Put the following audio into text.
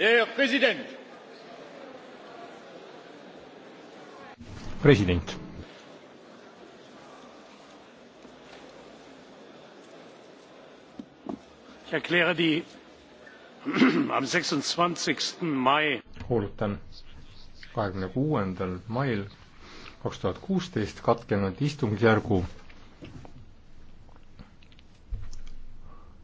Der Präsident. President. Ich erkläre die am 26. Mai kuulutan 26. mail 2016 katkenud istungjärgu